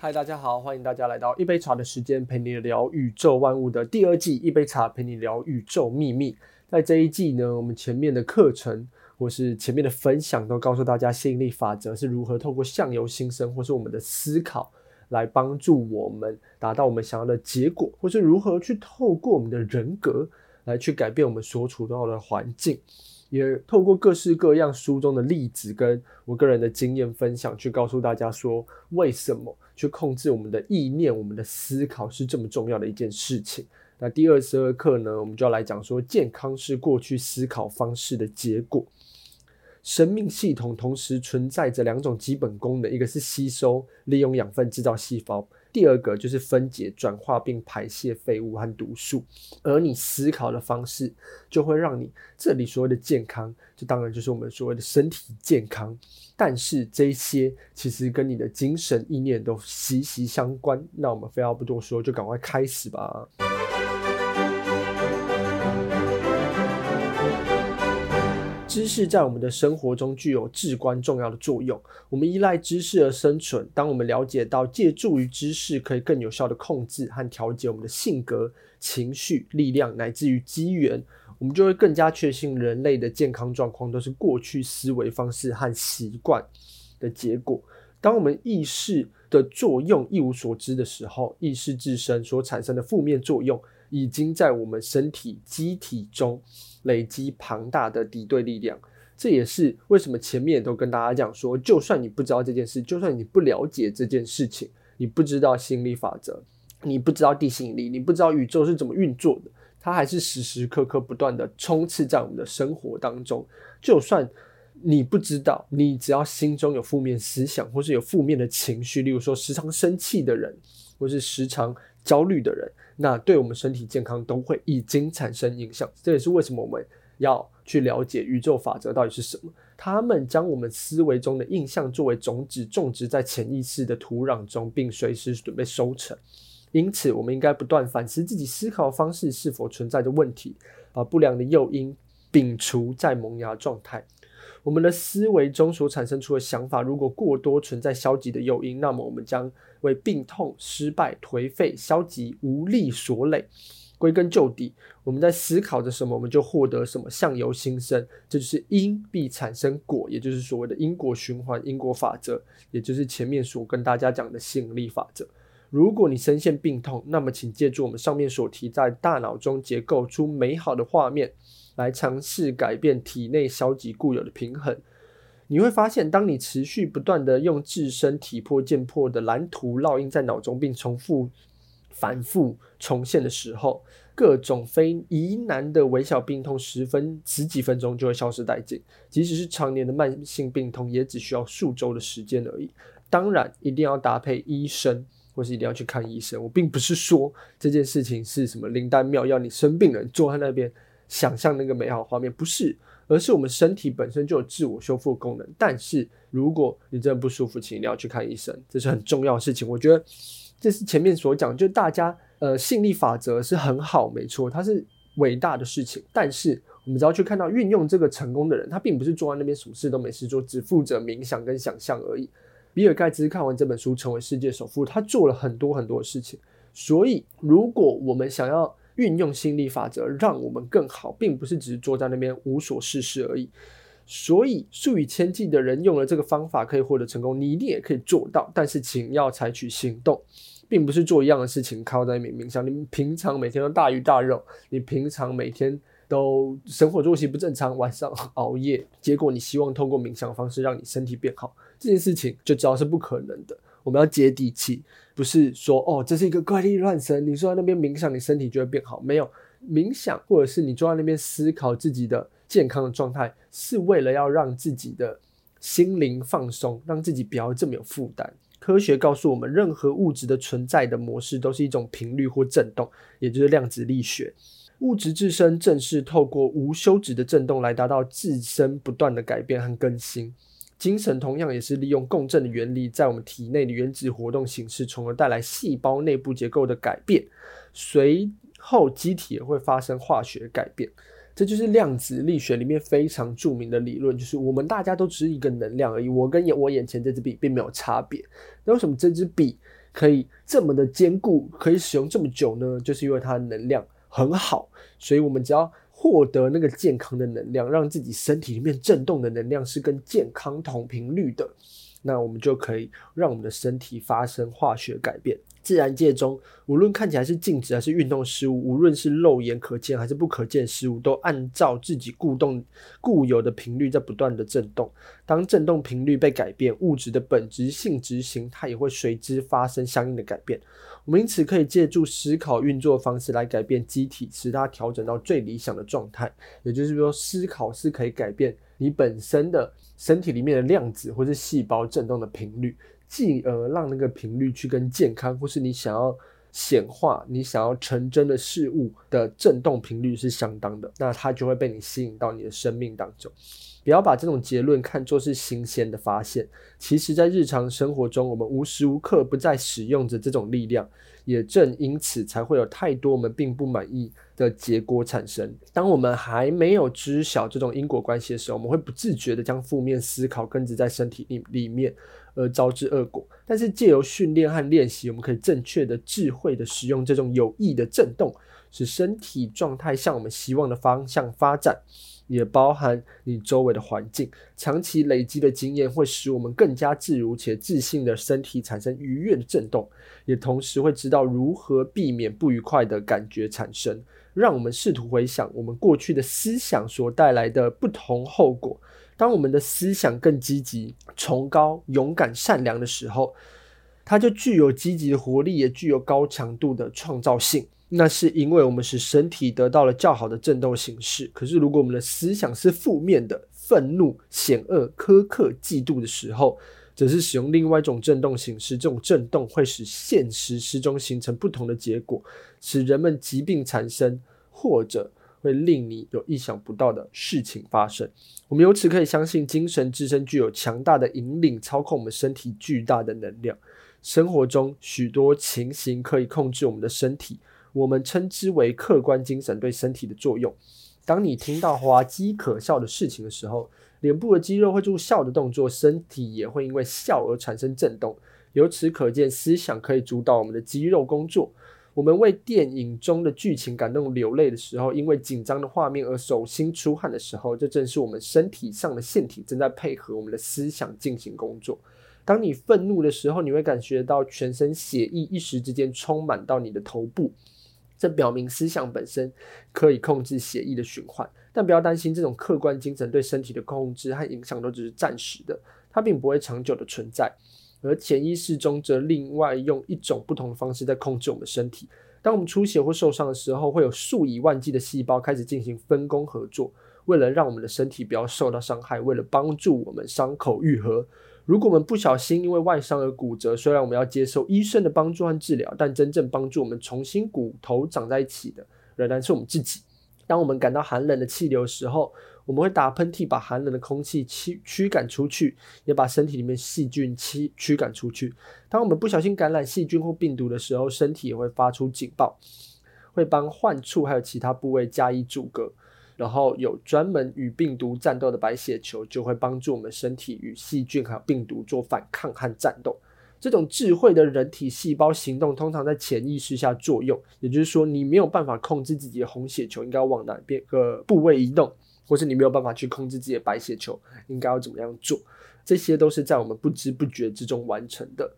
嗨，大家好，歡迎大家來到一杯茶的時間，陪你聊宇宙萬物的第二季。一杯茶陪你聊宇宙秘密。在這一季呢，我們前面的課程或是前面的分享，都告訴大家吸引力法則是如何透過相由心生，或是我們的思考來幫助我們達到我們想要的結果，或是如何去透過我們的人格來去改變我們所處到的環境。也透過各式各樣書中的例子，跟我個人的經驗分享，去告訴大家說，為什麼。去控制我們的意念，我們的思考是這麼重要的一件事情。那第二十二課呢，我們就要來講說，健康是過去思考方式的結果。生命系統同時存在着兩種基本功能，一個是吸收、利用養分制造細胞。第二個就是分解、轉化並排泄廢物和毒素，而你思考的方式就會讓你這裡所謂的健康，就當然就是我們所謂的身體健康。但是這些其實跟你的精神意念都息息相關。那我們廢話不多說，就趕快開始吧。知識在我們的生活中具有至關重要的作用。我們依賴知識而生存，當我們了解到借助於知識可以更有效的控制和調節我們的性格、情緒、力量，乃至於機緣，我們就會更加確信人類的健康狀況都是過去思維方式和習慣的結果。當我們意識的作用一無所知的時候，意識自身所產生的負面作用，已經在我們身體機體中累積龐大的敵對力量，這也是為什麼前面也都跟大家講說，就算你不知道這件事，就算你不了解這件事情，你不知道心理法則，你不知道地心引力，你不知道宇宙是怎麼運作的，它還是時時刻刻不斷的充斥在我們的生活當中。就算你不知道，你只要心中有負面思想或是有負面的情緒，例如說時常生氣的人，或是時常。焦慮的人，那對我們身體健康都會已經產生影響。這也是為什麼我們要去了解宇宙法則到底是什麼？他們將我們思維中的印象作為種子，種植在潛意識的土壤中，並隨時準備收成。因此，我們應該不斷反思自己思考方式是否存在的問題，把、啊、不良的誘因摒除在萌芽狀態。我們的思維中所產生出的想法，如果過多存在消極的誘因，那麼我們將為病痛、失敗、頹廢、消極、無力所累。歸根究底，我們在思考着什麼，我們就獲得什麼，相由心生，這就是因必產生果，也就是所謂的因果循環、因果法則，也就是前面所跟大家講的吸引力法則。如果你深陷病痛，那麼請借助我們上面所提，在大腦中結構出美好的畫面。來嘗試改變體內消極固有的平衡，你會發現，當你持續不斷地用自身體魄健魄的藍圖烙印在腦中，並重複反覆重現的時候，各種非疑難的微小病痛，十分十幾分鐘就會消失殆盡。即使是常年的慢性病痛，也只需要數週的時間而已。當然，一定要搭配醫生，或是一定要去看醫生。我並不是說這件事情是什麼靈丹妙藥，要你生病了，坐在那邊。想象那個美好的畫面，不是，而是我們身體本身就有自我修復功能。但是，如果你真的不舒服，請你一定要去看醫生，這是很重要的事情。我覺得這是前面所講，就大家呃，吸引力法則是很好，沒錯，它是偉大的事情。但是，我們只要去看到運用這個成功的人，他並不是坐在那邊什麼事都沒事做，只負責冥想跟想象而已。比爾蓋茨看完這本書成為世界首富，他做了很多很多事情。所以，如果我們想要，運用心理法則讓我們更好，並不是只是坐在那邊無所事事而已。所以數以千計的人用了這個方法可以獲得成功，你一定也可以做到。但是請要採取行動，並不是做一樣的事情靠在你冥想上。你平常每天都大魚大肉，你平常每天都生活作息不正常，晚上熬夜，結果你希望通過冥想方式讓你身體變好，這件事情就知道是不可能的。我們要接地氣，不是說哦，這是一個怪力亂神。你說在那邊冥想，你身體就會變好？沒有冥想，或者是你坐在那邊思考自己的健康的狀態，是為了要讓自己的心靈放鬆，讓自己不要這麼有負擔。科學告訴我們，任何物質的存在的模式都是一種頻率或振動，也就是量子力學。物質自身正是透過無休止的振動來達到自身不斷的改變和更新。精神同樣也是利用共振的原理，在我們體內的原子活動形式，從而帶來細胞內部結構的改變。隨後，機體也會發生化學改變。這就是量子力學裡面非常著名的理論，就是我們大家都只是一個能量而已。我跟眼我眼前這支筆並沒有差別。那為什麼這支筆可以這麼的堅固，可以使用這麼久呢？就是因為它能量很好。所以我們只要。獲得那個健康的能量，讓自己身體裡面振動的能量是跟健康同頻率的，那我們就可以讓我們的身體發生化學改變。自然界中，無論看起來是靜止還是運動事物，無論是肉眼可見還是不可見事物，都按照自己固動固有的頻率在不斷的振動。當振動頻率被改變，物質的本質性執行它也會隨之發生相應的改變。我們因此，可以借助思考運作方式來改變機體，使它調整到最理想的狀態。也就是說，思考是可以改變你本身的身體裡面的量子或是細胞振動的頻率，進而讓那個頻率去跟健康或是你想要顯化、你想要成真的事物的振動頻率是相當的，那它就會被你吸引到你的生命當中。不要把這種結論看作是新鮮的發現。其實，在日常生活中，我們無時無刻不在使用着這種力量。也正因此，才會有太多我們並不滿意的結果產生。當我們還沒有知曉這種因果關係的時候，我們會不自覺地將負面思考根植在身體裡裡面，而招致惡果。但是，借由訓練和練習，我們可以正確地、智慧地使用這種有益的震動。使身體狀態向我們希望的方向發展，也包含你周圍的環境。長期累積的經驗會使我們更加自如且自信的身體產生愉悅的振動，也同時會知道如何避免不愉快的感覺產生。讓我們試圖回想我們過去的思想所帶來的不同後果。當我們的思想更積極、崇高、勇敢、善良的時候，它就具有積極的活力，也具有高強度的創造性。那是因為我們使身體得到了較好的振動形式。可是，如果我們的思想是負面的、憤怒、險惡、苛刻、嫉妒的時候，則是使用另外一種振動形式。這種振動會使現實失蹤形成不同的結果，使人們疾病產生，或者會令你有意想不到的事情發生。我們由此可以相信，精神自身具有強大的引領操控我們身體巨大的能量。生活中許多情形可以控制我們的身體。我們稱之為客觀精神對身體的作用。當你聽到滑稽可笑的事情的時候，臉部的肌肉會做笑的動作，身體也會因為笑而產生震動。由此可見，思想可以主導我們的肌肉工作。我們為電影中的劇情感動流淚的時候，因為緊張的畫面而手心出汗的時候，這正是我們身體上的腺體正在配合我們的思想進行工作。當你憤怒的時候，你會感覺到全身血液一時之間充滿到你的頭部。這表明思想本身可以控制血液的循環，但不要擔心，這種客觀精神對身體的控制和影響都只是暫時的，它並不會長久的存在。而潛意識中則另外用一種不同的方式在控制我們身體。當我們出血或受傷的時候，會有數以萬計的細胞開始進行分工合作，為了讓我們的身體不要受到傷害，為了幫助我們傷口愈合。如果我們不小心因為外傷而骨折，雖然我們要接受醫生的幫助和治療，但真正幫助我們重新骨頭長在一起的，仍然是我們自己。當我們感到寒冷的氣流的時候，我們會打噴嚏，把寒冷的空氣驅驅趕出去，也把身體裡面細菌驅驅趕出去。當我們不小心感染細菌或病毒的時候，身體也會發出警報，會幫患處還有其他部位加以阻隔。然後有專門與病毒戰鬥的白血球，就會幫助我們身體與細菌還有病毒做反抗和戰鬥。這種智慧的人體細胞行動，通常在潛意識下作用。也就是說，你沒有辦法控制自己的紅血球應該往哪邊個、呃、部位移動，或是你沒有辦法去控制自己的白血球應該要怎麼樣做，這些都是在我們不知不覺之中完成的。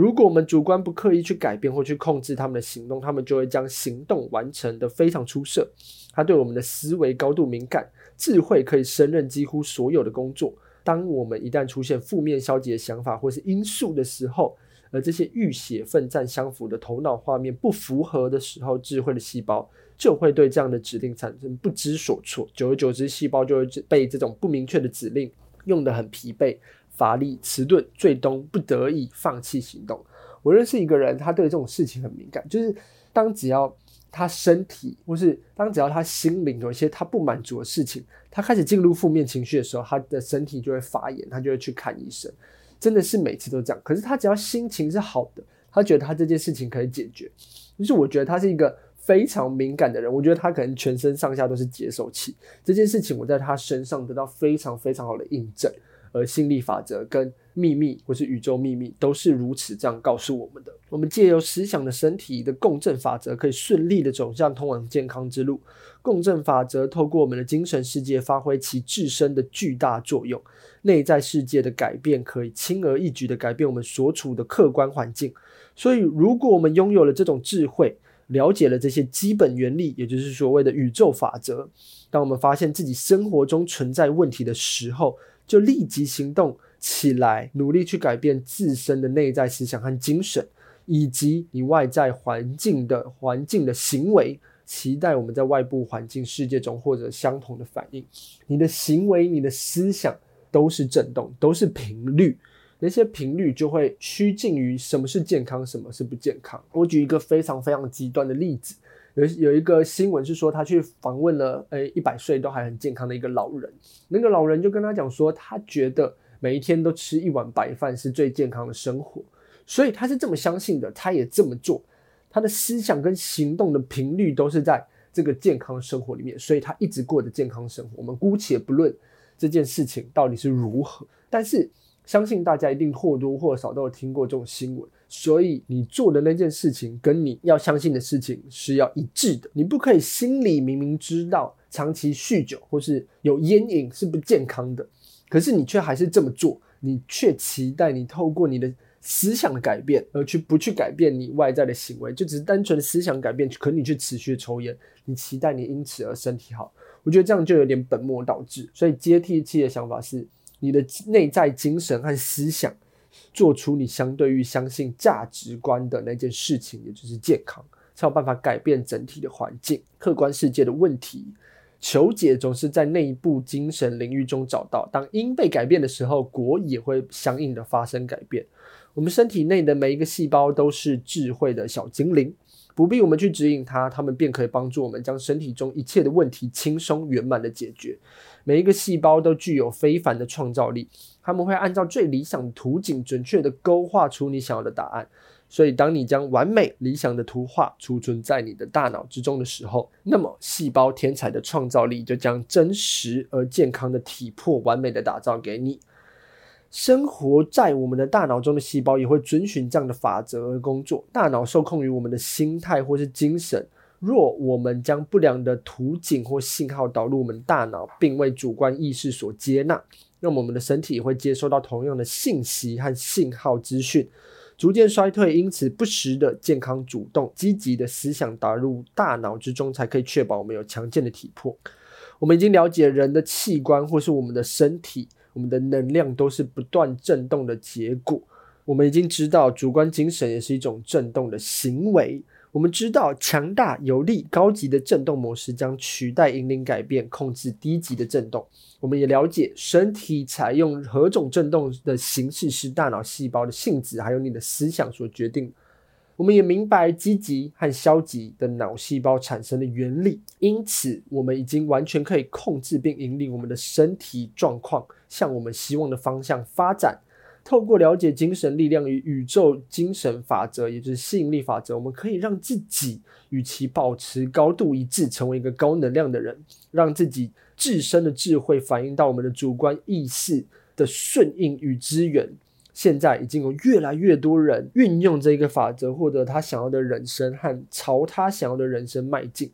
如果我們主觀不刻意去改變或去控制他們的行動，他們就會將行動完成得非常出色。他對我們的思維高度敏感，智慧可以勝任幾乎所有的工作。當我們一旦出現負面消極的想法或是因素的時候，而這些浴血奮戰相符的頭腦畫面不符合的時候，智慧的細胞就會對這樣的指令產生不知所措。久而久之，細胞就會被這種不明確的指令用得很疲憊，乏力遲鈍，最終不得已放棄行動。我認識一個人，他對這種事情很敏感，就是當只要他身體，或是當只要他心靈有一些他不滿足的事情，他開始進入負面情緒的時候，他的身體就會發炎，他就會去看醫生。真的是每次都這樣。可是他只要心情是好的，他覺得他這件事情可以解決。就是我覺得他是一個非常敏感的人，我覺得他可能全身上下都是接受器。這件事情我在他身上得到非常非常好的印證。而心理法則跟秘密，或是宇宙秘密，都是如此這樣告訴我們的。我們借由思想的身體的共振法則，可以順利地走向通往健康之路。共振法則透過我們的精神世界，發揮其自身的巨大作用。內在世界的改變，可以輕而易舉地改變我們所處的客觀環境。所以，如果我們擁有了這種智慧，了解了這些基本原理，也就是所謂的宇宙法則，當我們發現自己生活中存在問題的時候，就立即行動起來，努力去改變自身的內在思想和精神，以及你外在環境的環境的行為。期待我們在外部環境世界中獲得相同的反應。你的行為、你的思想都是震動，都是頻率，那些頻率就會趨近於什麼是健康，什麼是不健康。我舉一個非常非常極端的例子。有有一個新聞是說，他去訪問了，誒，一百歲都還很健康的一個老人。那個老人就跟他講說，他覺得每一天都吃一碗白飯是最健康的生活，所以他是這麼相信的，他也這麼做，他的思想跟行動的頻率都是在這個健康生活裡面，所以他一直過着健康生活。我們姑且不論這件事情到底是如何，但是。相信大家一定或多或少都有聽過這種新聞，所以你做的那件事情跟你要相信的事情是要一致的。你不可以心裡明明知道長期酗酒或是有菸癮是不健康的，可是你卻還是這麼做，你卻期待你透過你的思想的改變而去不去改變你外在的行為，就只是單純的思想改變，可你卻持續的抽菸，你期待你因此而身體好，我覺得這樣就有點本末倒置。所以接地氣的想法是。你的內在精神和思想，做出你相對於相信價值觀的那件事情，也就是健康，才有辦法改變整體的環境、客觀世界的問題。求解總是在內部精神領域中找到。當因被改變的時候，果也會相應的發生改變。我們身體內的每一個細胞都是智慧的小精靈，不必我們去指引它，它們便可以幫助我們將身體中一切的問題輕鬆圓滿的解決。每一個細胞都具有非凡的創造力，他們會按照最理想的途徑，準確的勾畫出你想要的答案。所以，當你將完美理想的圖畫儲存在你的大腦之中的時候，那麼細胞天才的創造力就將真實而健康的體魄完美的打造給你。生活在我們的大腦中的細胞也會遵循這樣的法則而工作。大腦受控於我們的心態或是精神。若我們將不良的圖景或信號導入我們大腦，並為主觀意識所接納，那麼我們的身體也會接收到同樣的信息和信號資訊，逐漸衰退。因此，不時的健康、主動、積極的思想打入大腦之中，才可以確保我們有強健的體魄。我們已經了解，人的器官或是我們的身體，我們的能量都是不斷震動的結果。我們已經知道，主觀精神也是一種震動的行為。我們知道強大、有力、高級的振動模式將取代、引領、改變、控制低級的振動。我們也了解身體採用何種振動的形式，是大腦細胞的性質，還有你的思想所決定。我們也明白積極和消極的腦細胞產生的原理。因此，我們已經完全可以控制並引領我們的身體狀況，向我們希望的方向發展。透過了解精神力量與宇宙精神法則，也就是吸引力法則，我們可以讓自己與其保持高度一致，成為一個高能量的人，讓自己自身的智慧反映到我們的主觀意識的順應與支援。現在已經有越來越多人運用這個法則，獲得他想要的人生，和朝他想要的人生邁進。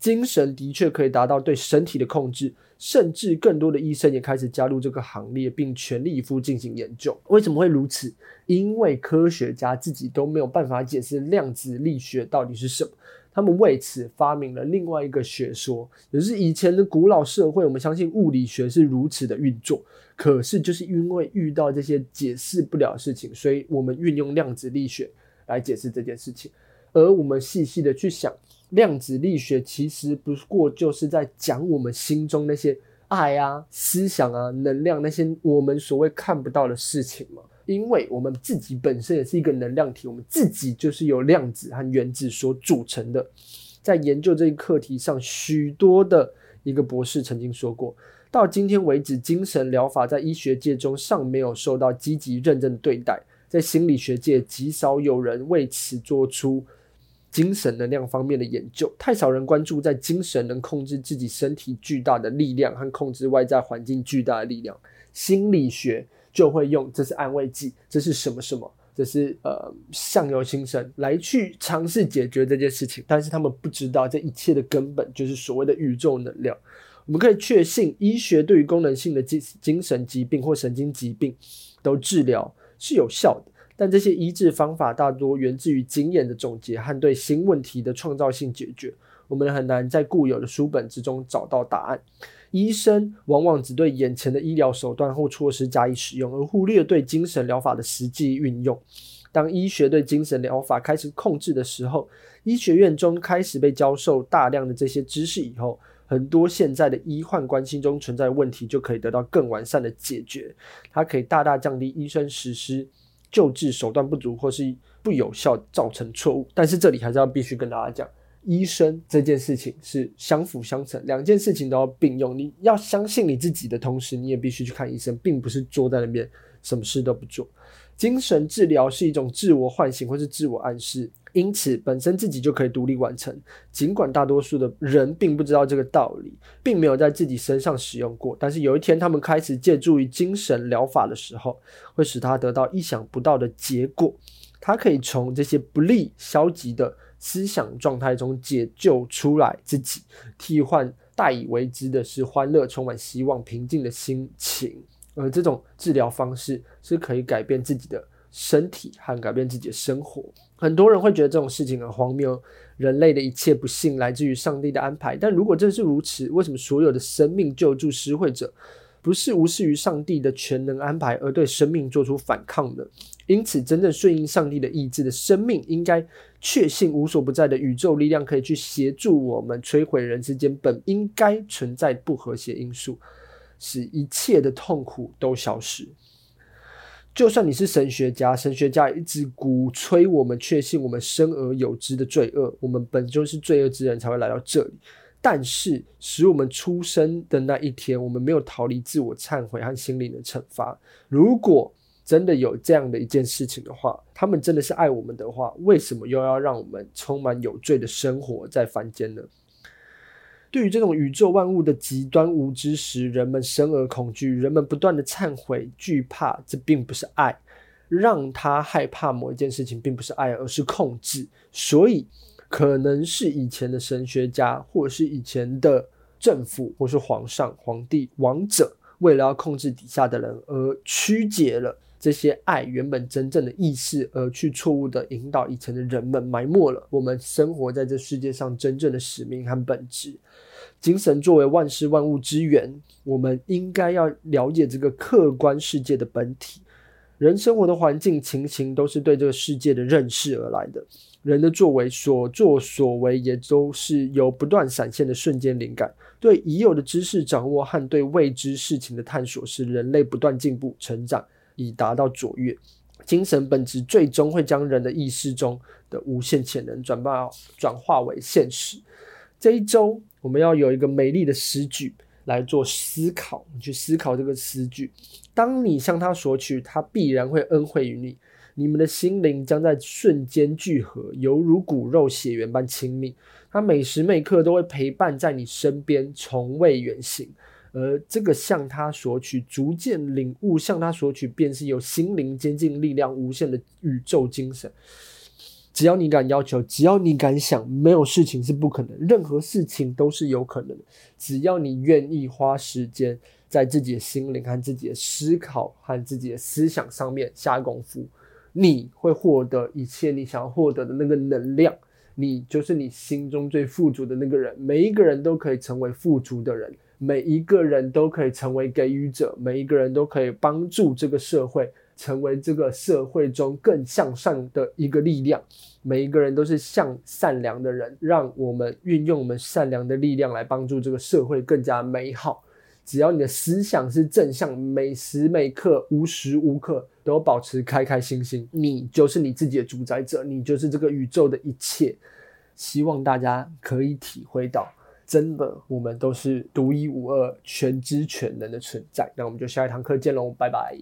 精神的確可以達到對身體的控制，甚至更多的醫生也開始加入這個行列，並全力以赴進行研究。為什麼會如此？因為科學家自己都沒有辦法解釋量子力學到底是什麼，他們為此發明了另外一個學說。也是以前的古老社會，我們相信物理學是如此的運作。可是就是因為遇到這些解釋不了的事情，所以我們運用量子力學來解釋這件事情。而我們細細的去想。量子力學其實不過就是在講我們心中那些愛啊、思想啊、能量那些我們所謂看不到的事情嘛。因為我們自己本身也是一個能量體，我們自己就是由量子和原子所組成的。在研究這一課題上，許多的一個博士曾經說過，到今天為止，精神療法在醫學界中尚沒有受到積極認真對待，在心理學界極少有人為此做出。精神能量方面的研究，太少人關注在精神能控制自己身體巨大的力量和控制外在環境巨大的力量。心理學就會用這是安慰劑，這是什麼什麼，這是呃，相由心生來去嘗試解決這件事情。但是他們不知道這一切的根本就是所謂的宇宙能量。我們可以確信，醫學對於功能性的精精神疾病或神經疾病都治療是有效的。但這些醫治方法大多源自於經驗的總結和對新問題的創造性解決。我們很難在固有的書本之中找到答案。醫生往往只對眼前的醫療手段或措施加以使用，而忽略對精神療法的實際運用。當醫學對精神療法開始控制的時候，醫學院中開始被教授大量的這些知識以後，很多現在的醫患關係中存在的問題就可以得到更完善的解決。它可以大大降低醫生實施，救治手段不足或是不有效，造成錯誤。但是這裡還是要必須跟大家講，醫生這件事情是相輔相成，兩件事情都要並用。你要相信你自己的同時，你也必須去看醫生，並不是坐在那邊什麼事都不做。精神治療是一種自我喚醒或是自我暗示。因此，本身自己就可以獨立完成。儘管大多數的人並不知道這個道理，並沒有在自己身上使用過，但是有一天他們開始借助於精神療法的時候，會使他得到意想不到的結果。他可以從這些不利、消極的思想狀態中解救出來自己，替換代以為之的是歡樂、充滿希望、平靜的心情。而這種治療方式是可以改變自己的身體和改變自己的生活。很多人會覺得這種事情很荒謬，人類的一切不幸來自於上帝的安排。但如果真是如此，為什麼所有的生命救助施惠者不是無視於上帝的全能安排，而對生命做出反抗呢？因此，真正順應上帝的意志的生命，應該確信無所不在的宇宙力量可以去協助我們摧毀人之間本應該存在不和諧因素，使一切的痛苦都消失。就算你是神學家，神學家一直鼓吹我們確信我們生而有之的罪惡，我們本就是罪惡之人才會來到這裡。但是，使我們出生的那一天，我們沒有逃離自我懺悔和心靈的懲罰。如果真的有這樣的一件事情的話，他們真的是愛我們的話，為什麼又要讓我們充滿有罪的生活在凡間呢？對於這種宇宙萬物的極端無知時，人們生而恐懼，人們不斷的懺悔、懼怕，這並不是愛，讓他害怕某一件事情，並不是愛，而是控制。所以，可能是以前的神學家，或者是以前的政府，或是皇上、皇帝、王者，為了要控制底下的人而曲解了。這些愛原本真正的意識，而去錯誤的引導已成的人們，埋沒了我們生活在這世界上真正的使命和本質。精神作為萬事萬物之源，我們應該要了解這個客觀世界的本體。人生活的環境情形，都是對這個世界的認識而來的。人的作為所作所為，也都是由不斷閃現的瞬間靈感，對已有的知識掌握和對未知事情的探索，是人類不斷進步成長以達到卓越，精神本質最終會將人的意識中的無限潛能轉化轉化為現實。這一周，我們要有一個美麗的詩句來做思考，你去思考這個詩句。當你向他索取，他必然會恩惠於你。你們的心靈將在瞬間聚合，猶如骨肉血緣般親密。他每時每刻都會陪伴在你身邊，從未遠行。而這個向他索取，逐漸領悟，向他索取，便是有心靈接近力量無限的宇宙精神。只要你敢要求，只要你敢想，沒有事情是不可能，任何事情都是有可能的。只要你願意花時間在自己的心靈和自己的思考和自己的思想上面下功夫，你會獲得一切你想要獲得的那個能量。你就是你心中最富足的那個人。每一個人都可以成為富足的人。每一個人都可以成為給予者，每一個人都可以幫助這個社會，成為這個社會中更向上的一個力量。每一個人都是向善良的人，讓我們運用我們善良的力量來幫助這個社會更加美好。只要你的思想是正向，每時每刻、無時無刻都保持開開心心，你就是你自己的主宰者，你就是這個宇宙的一切。希望大家可以體會到。真的，我們都是獨一無二、全知全能的存在。那我們就下一堂課見嘍，拜拜。